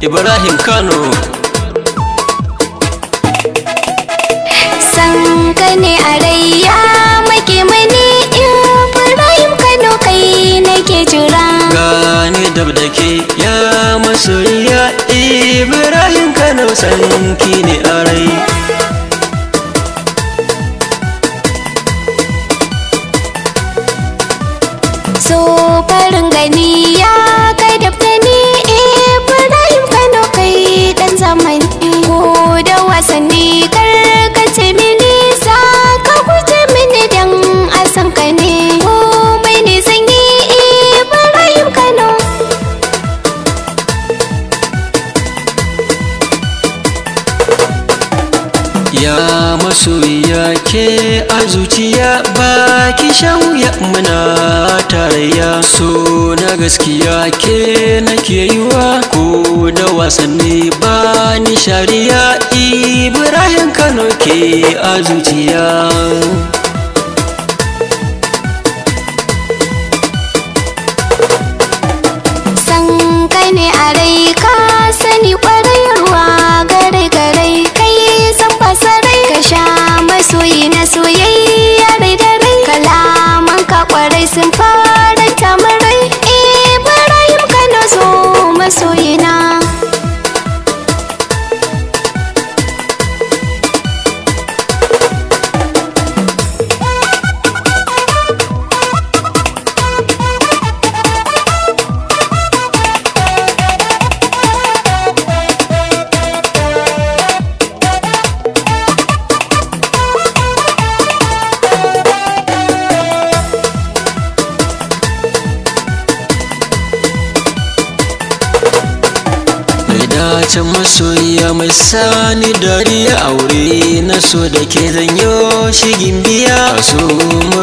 Ibrahim Kano Sankane araya ne a make mani Ibrahim Kano kai nake jira Gani dab da ya masoyiya Ibrahim Kano sanki ne a rai so gani Ya masoyiya ke a zuciya ba ki shauya muna tarayya so na gaskiya ke nake yiwa ko da wasanni ba ni shari'a? ibrahim kano ke a zuciya san ne a rai and mace masoyiya mai sani dariya aure na so da ke zanyo shigin biya so mu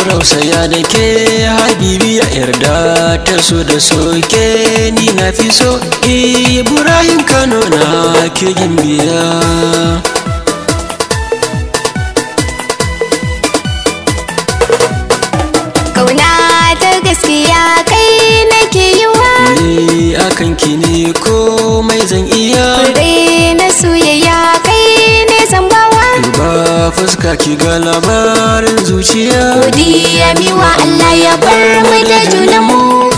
ya da ke ya yarda ta so da ke ni na fi so ibrahim kano na ke gimbiya saka ki ga labarin zuciya godiya miwa Allah ya bar mu da junanmu